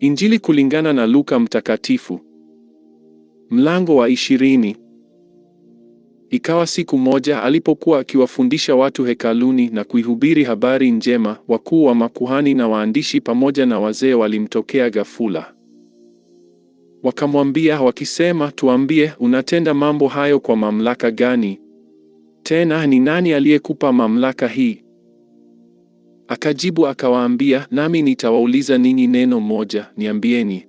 Injili kulingana na Luka Mtakatifu, mlango wa ishirini. Ikawa siku moja alipokuwa akiwafundisha watu hekaluni na kuihubiri habari njema, wakuu wa makuhani na waandishi pamoja na wazee walimtokea ghafula, wakamwambia wakisema, tuambie, unatenda mambo hayo kwa mamlaka gani? Tena ni nani aliyekupa mamlaka hii? Akajibu akawaambia, nami nitawauliza ninyi neno moja, niambieni,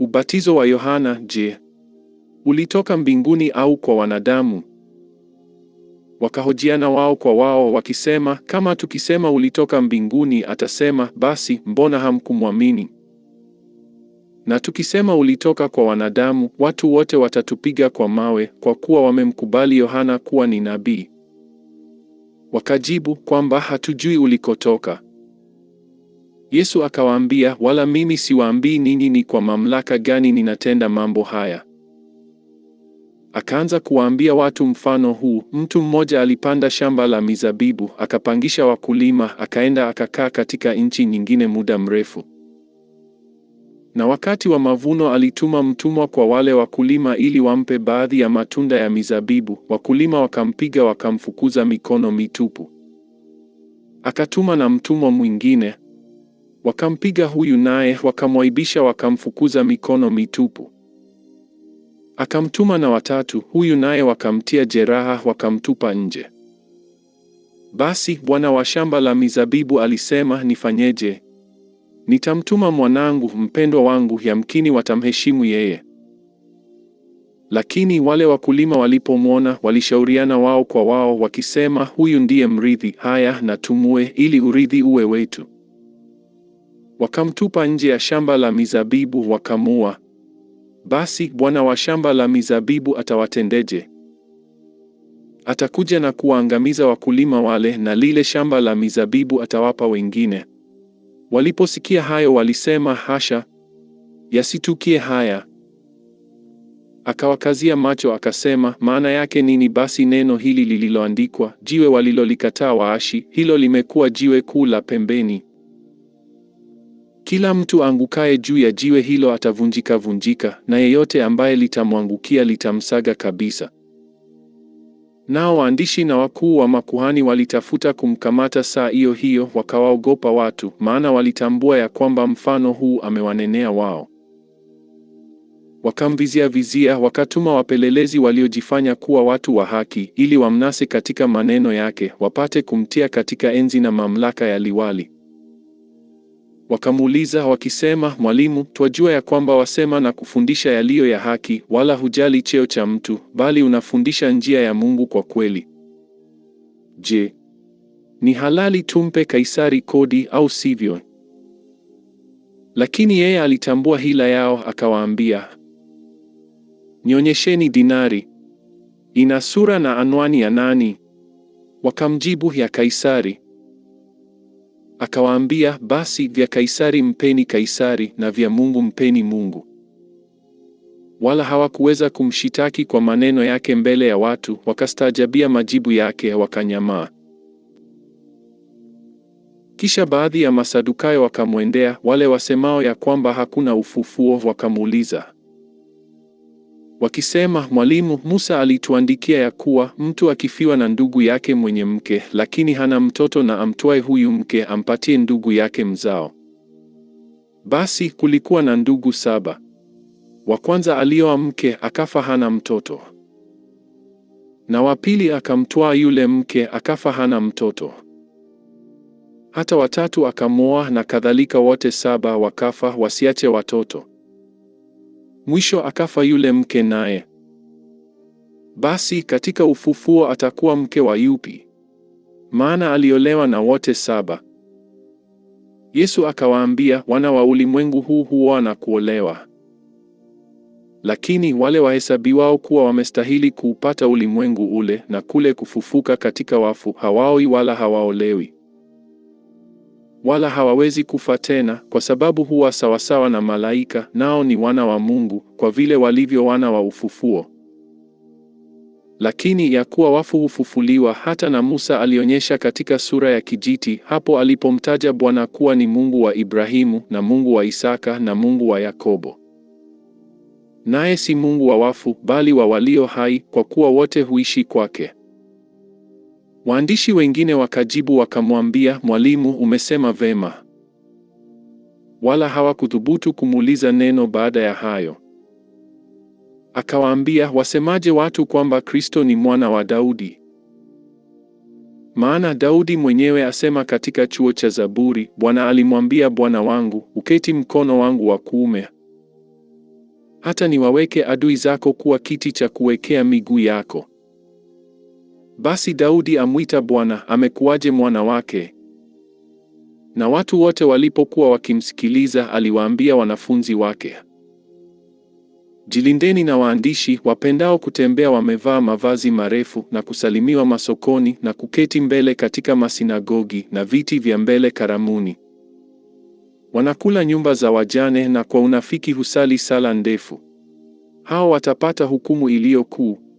ubatizo wa Yohana, je, ulitoka mbinguni au kwa wanadamu? Wakahojiana wao kwa wao wakisema, kama tukisema ulitoka mbinguni, atasema basi, mbona hamkumwamini? Na tukisema ulitoka kwa wanadamu, watu wote watatupiga kwa mawe, kwa kuwa wamemkubali Yohana kuwa ni nabii. Wakajibu kwamba hatujui ulikotoka. Yesu akawaambia, wala mimi siwaambii ninyi ni kwa mamlaka gani ninatenda mambo haya. Akaanza kuwaambia watu mfano huu: mtu mmoja alipanda shamba la mizabibu, akapangisha wakulima, akaenda akakaa katika nchi nyingine muda mrefu. Na wakati wa mavuno alituma mtumwa kwa wale wakulima ili wampe baadhi ya matunda ya mizabibu. Wakulima wakampiga wakamfukuza mikono mitupu. Akatuma na mtumwa mwingine, wakampiga huyu naye, wakamwaibisha wakamfukuza mikono mitupu. Akamtuma na watatu, huyu naye wakamtia jeraha, wakamtupa nje. Basi bwana wa shamba la mizabibu alisema, nifanyeje? nitamtuma mwanangu mpendwa wangu, yamkini watamheshimu yeye. Lakini wale wakulima walipomwona, walishauriana wao kwa wao wakisema, huyu ndiye mrithi, haya na tumue, ili urithi uwe wetu. Wakamtupa nje ya shamba la mizabibu wakamua. Basi bwana wa shamba la mizabibu atawatendeje? Atakuja na kuwaangamiza wakulima wale, na lile shamba la mizabibu atawapa wengine. Waliposikia hayo walisema, hasha, yasitukie haya. Akawakazia macho akasema, maana yake nini basi neno hili lililoandikwa, jiwe walilolikataa waashi, hilo limekuwa jiwe kuu la pembeni? Kila mtu aangukaye juu ya jiwe hilo atavunjika vunjika, na yeyote ambaye litamwangukia litamsaga kabisa. Nao waandishi na wakuu wa makuhani walitafuta kumkamata saa hiyo hiyo, wakawaogopa watu, maana walitambua ya kwamba mfano huu amewanenea wao. Wakamvizia vizia, wakatuma wapelelezi waliojifanya kuwa watu wa haki, ili wamnase katika maneno yake, wapate kumtia katika enzi na mamlaka ya liwali. Wakamuuliza wakisema, Mwalimu, twajua ya kwamba wasema na kufundisha yaliyo ya haki, wala hujali cheo cha mtu, bali unafundisha njia ya Mungu kwa kweli. Je, ni halali tumpe Kaisari kodi au sivyo? Lakini yeye alitambua hila yao, akawaambia, nionyesheni dinari. Ina sura na anwani ya nani? Wakamjibu, ya Kaisari. Akawaambia, basi vya Kaisari mpeni Kaisari, na vya Mungu mpeni Mungu. Wala hawakuweza kumshitaki kwa maneno yake mbele ya watu, wakastaajabia majibu yake, wakanyamaa. Kisha baadhi ya Masadukayo wakamwendea, wale wasemao ya kwamba hakuna ufufuo, wakamuuliza wakisema, Mwalimu, Musa alituandikia ya kuwa mtu akifiwa na ndugu yake mwenye mke, lakini hana mtoto, na amtwae huyu mke ampatie ndugu yake mzao. Basi kulikuwa na ndugu saba. Wa kwanza alioa mke, akafa hana mtoto, na wa pili akamtwaa yule mke, akafa hana mtoto hata watatu akamwoa, na kadhalika. Wote saba wakafa wasiache watoto. Mwisho akafa yule mke naye. Basi katika ufufuo atakuwa mke wa yupi? Maana aliolewa na wote saba. Yesu akawaambia, wana wa ulimwengu huu huoa na kuolewa, lakini wale wahesabiwao kuwa wamestahili kuupata ulimwengu ule na kule kufufuka katika wafu hawaoi wala hawaolewi wala hawawezi kufa tena, kwa sababu huwa sawasawa na malaika, nao ni wana wa Mungu, kwa vile walivyo wana wa ufufuo. Lakini ya kuwa wafu hufufuliwa, hata na Musa alionyesha katika sura ya kijiti, hapo alipomtaja Bwana kuwa ni Mungu wa Ibrahimu na Mungu wa Isaka na Mungu wa Yakobo. Naye si Mungu wa wafu, bali wa walio hai, kwa kuwa wote huishi kwake. Waandishi wengine wakajibu wakamwambia, Mwalimu, umesema vema. Wala hawakuthubutu kumuuliza neno baada ya hayo. Akawaambia, wasemaje watu kwamba Kristo ni mwana wa Daudi? Maana Daudi mwenyewe asema katika chuo cha Zaburi, Bwana alimwambia Bwana wangu, uketi mkono wangu wa kuume, hata niwaweke adui zako kuwa kiti cha kuwekea miguu yako. Basi Daudi amwita Bwana, amekuwaje mwana wake? Na watu wote walipokuwa wakimsikiliza, aliwaambia wanafunzi wake, Jilindeni na waandishi wapendao kutembea wamevaa mavazi marefu na kusalimiwa masokoni na kuketi mbele katika masinagogi na viti vya mbele karamuni. Wanakula nyumba za wajane na kwa unafiki husali sala ndefu. Hao watapata hukumu iliyo kuu.